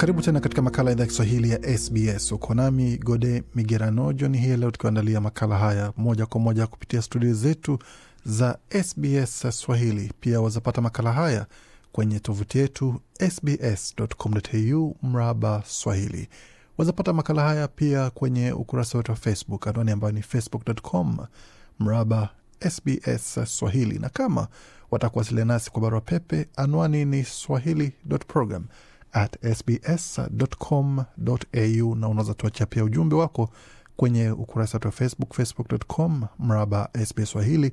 Karibu tena katika makala ya idhaa ya Kiswahili ya SBS. Uko nami Gode Migerano jioni hii leo, tukiandalia makala haya moja kwa moja kupitia studio zetu za SBS Swahili. Pia wazapata makala haya kwenye tovuti yetu sbs.com.au mraba swahili. Wazapata makala haya pia kwenye ukurasa wetu wa Facebook, anwani ambayo ni facebook.com mraba SBS Swahili, na kama watakuwasilia nasi kwa barua pepe, anwani ni swahili.program at sbs.com.au, na unaweza tuachia pia ujumbe wako kwenye ukurasa wetu wa Facebook, facebook.com mraba SBS Swahili.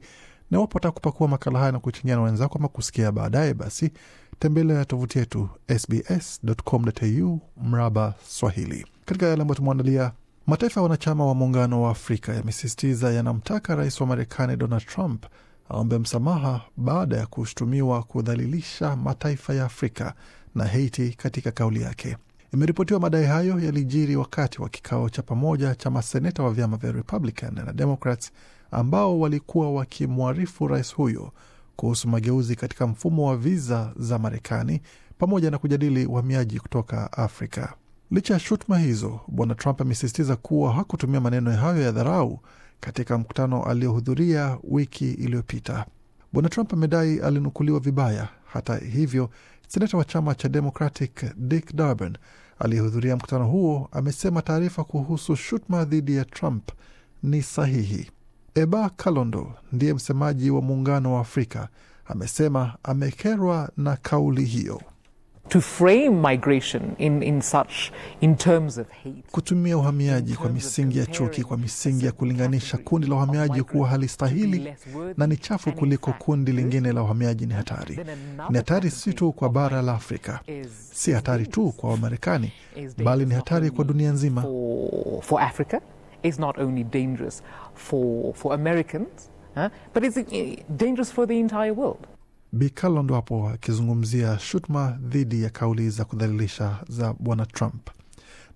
Na iwapo wataka kupakua makala haya na kuchangia na wenzako ama kusikia baadaye, basi tembelea tovuti yetu sbs.com.au mraba Swahili. Katika yale ambayo tumeandalia Mataifa ya wanachama wa muungano wa Afrika yamesisitiza yanamtaka rais wa Marekani Donald Trump aombe msamaha baada ya kushutumiwa kudhalilisha mataifa ya Afrika na Haiti katika kauli yake. Imeripotiwa madai hayo yalijiri wakati wa kikao cha pamoja cha maseneta wa vyama vya Republican na Democrats ambao walikuwa wakimwarifu rais huyo kuhusu mageuzi katika mfumo wa viza za Marekani pamoja na kujadili uhamiaji kutoka Afrika. Licha ya shutuma hizo, bwana Trump amesisitiza kuwa hakutumia maneno hayo ya dharau katika mkutano aliohudhuria wiki iliyopita. Bwana Trump amedai alinukuliwa vibaya. Hata hivyo, Seneta wa chama cha Democratic Dick Durbin aliyehudhuria mkutano huo amesema taarifa kuhusu shutuma dhidi ya Trump ni sahihi. Eba Kalondo ndiye msemaji wa Muungano wa Afrika amesema amekerwa na kauli hiyo. To frame migration in, in such, in terms of hate. Kutumia uhamiaji kwa misingi ya chuki, kwa misingi ya kulinganisha kundi la uhamiaji kuwa halistahili na ni chafu kuliko kundi lingine la uhamiaji ni hatari. Ni hatari si tu kwa bara la Afrika, si hatari tu kwa Wamarekani, bali ni hatari kwa dunia nzima. For Africa is not only dangerous for, for Americans, huh? but it's eh, dangerous for the entire world. Bi ndo hapo akizungumzia shutuma dhidi ya kauli za kudhalilisha za bwana Trump.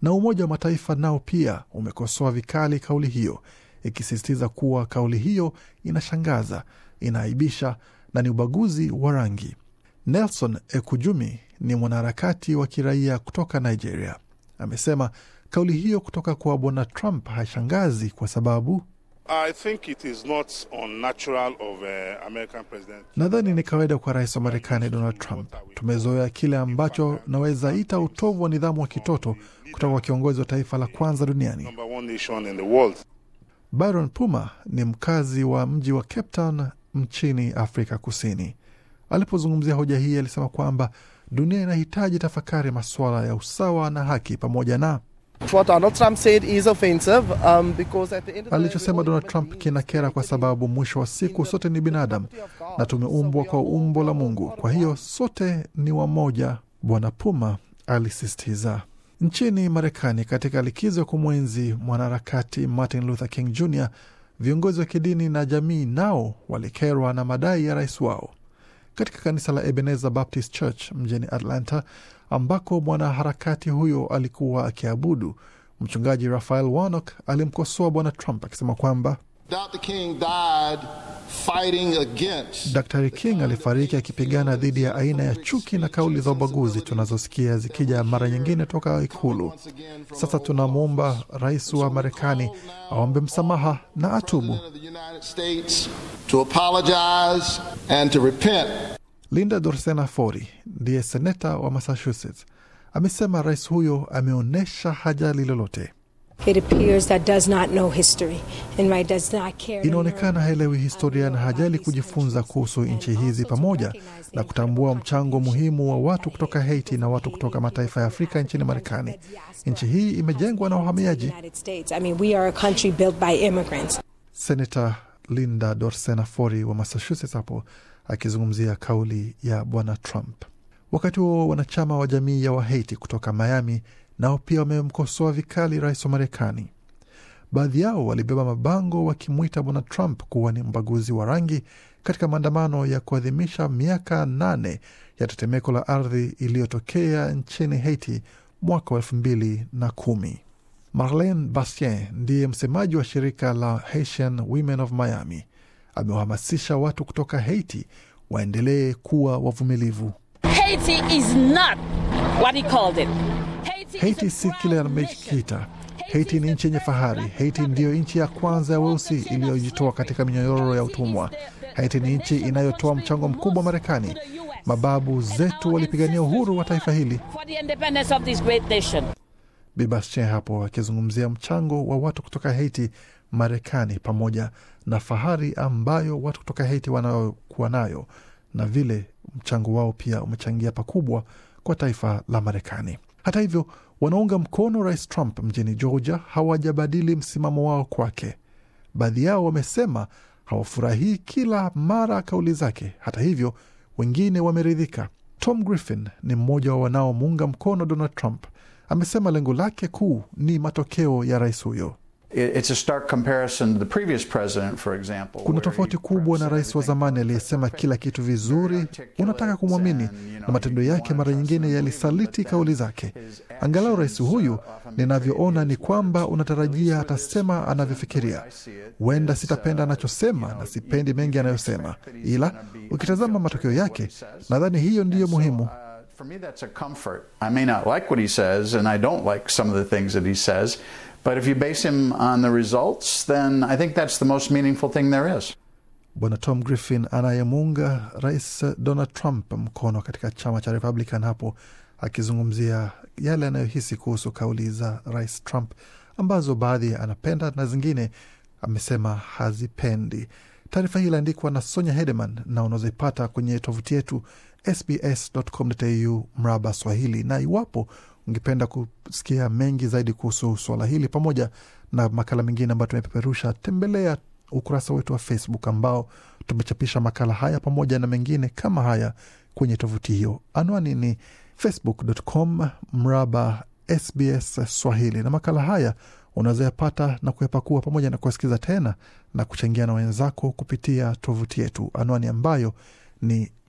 Na Umoja wa Mataifa nao pia umekosoa vikali kauli hiyo, ikisisitiza kuwa kauli hiyo inashangaza, inaaibisha na ni ubaguzi wa rangi. Nelson Ekujumi ni mwanaharakati wa kiraia kutoka Nigeria. Amesema kauli hiyo kutoka kwa bwana Trump haishangazi kwa sababu Uh, Nadhani ni kawaida kwa rais wa Marekani Donald Trump. Tumezoea kile ambacho naweza ita utovu wa nidhamu wa kitoto kutoka kwa kiongozi wa taifa la kwanza duniani. Byron Puma ni mkazi wa mji wa Cape Town nchini Afrika Kusini. Alipozungumzia hoja hii, alisema kwamba dunia inahitaji tafakari masuala ya usawa na haki pamoja na Um, alichosema Donald Trump um, kinakera kwa sababu mwisho wa siku sote ni binadamu na tumeumbwa kwa umbo la Mungu, kwa hiyo sote ni wamoja, Bwana Puma alisisitiza. Nchini Marekani, katika likizo ya kumwenzi mwanaharakati Martin Luther King Jr, viongozi wa kidini na jamii nao walikerwa na madai ya rais wao. Katika kanisa la Ebenezer Baptist Church mjini Atlanta, ambako mwanaharakati huyo alikuwa akiabudu. Mchungaji rafael Warnock alimkosoa Bwana Trump akisema kwamba Dr. King alifariki akipigana dhidi ya aina ya chuki na kauli za ubaguzi tunazosikia zikija mara nyingine toka Ikulu. Sasa tunamwomba rais wa Marekani aombe msamaha na atubu. Linda Dorsena Fori ndiye seneta wa Massachusetts amesema rais huyo ameonyesha hajali lolote. Inaonekana haelewi historia na hajali kujifunza kuhusu nchi hizi, pamoja na kutambua mchango muhimu wa watu kutoka Haiti na watu kutoka mataifa ya Afrika nchini Marekani. Nchi hii imejengwa na wahamiaji. I mean, Linda Dorsena Fori wa Massachusetts hapo akizungumzia kauli ya bwana Trump. Wakati huo wanachama wa jamii ya Wahaiti kutoka Miami nao pia wamemkosoa vikali rais wa Marekani. Baadhi yao walibeba mabango wakimwita bwana Trump kuwa ni mbaguzi wa rangi katika maandamano ya kuadhimisha miaka nane ya tetemeko la ardhi iliyotokea nchini Haiti mwaka wa elfu mbili na kumi. Marlene Bastien ndiye msemaji wa shirika la Haitian Women of Miami amewahamasisha watu kutoka Haiti waendelee kuwa wavumilivu. Haiti is not what he called it. Haiti, si kile amekiita Haiti ni nchi yenye fahari. Haiti ndiyo nchi ya kwanza ya weusi iliyojitoa katika minyororo ya utumwa. Haiti ni nchi inayotoa mchango mkubwa wa Marekani. Mababu zetu walipigania uhuru wa taifa hili. Bibastien hapo akizungumzia mchango wa watu kutoka Haiti Marekani, pamoja na fahari ambayo watu kutoka Haiti wanaokuwa nayo na vile mchango wao pia umechangia pakubwa kwa taifa la Marekani. Hata hivyo, wanaunga mkono Rais Trump mjini Georgia hawajabadili msimamo wao kwake. Baadhi yao wamesema hawafurahii kila mara kauli zake. Hata hivyo, wengine wameridhika. Tom Griffin ni mmoja wa wanaomuunga mkono Donald Trump amesema lengo lake kuu ni matokeo ya rais huyo. Kuna tofauti kubwa na rais wa zamani aliyesema kila kitu vizuri, unataka kumwamini, na matendo yake mara nyingine yalisaliti kauli zake. Angalau rais huyu, ninavyoona ni kwamba unatarajia atasema anavyofikiria. Huenda sitapenda uh, anachosema na sipendi mengi anayosema, ila ukitazama matokeo yake, nadhani hiyo ndiyo muhimu. for me, that's a comfort. I may not like what he says, and I don't like some of the things that he says, but if you base him on the results, then I think that's the most meaningful thing there is. Bwana Tom Griffin anayemuunga Rais Donald Trump mkono katika chama cha Republican hapo akizungumzia yale anayohisi kuhusu kauli za Rais Trump ambazo baadhi anapenda na zingine amesema hazipendi. Taarifa hii iliandikwa na Sonya Hedeman na unazoipata kwenye tovuti yetu sbs.com.au mraba Swahili. Na iwapo ungependa kusikia mengi zaidi kuhusu swala hili pamoja na makala mengine ambayo tumepeperusha, tembelea ukurasa wetu wa Facebook ambao tumechapisha makala haya pamoja na mengine kama haya kwenye tovuti hiyo. Anwani ni facebook.com mraba SBS Swahili, na makala haya unaweza yapata na kuyapakua pamoja na kuwasikiza tena na kuchangia na wenzako kupitia tovuti yetu, anwani ambayo ni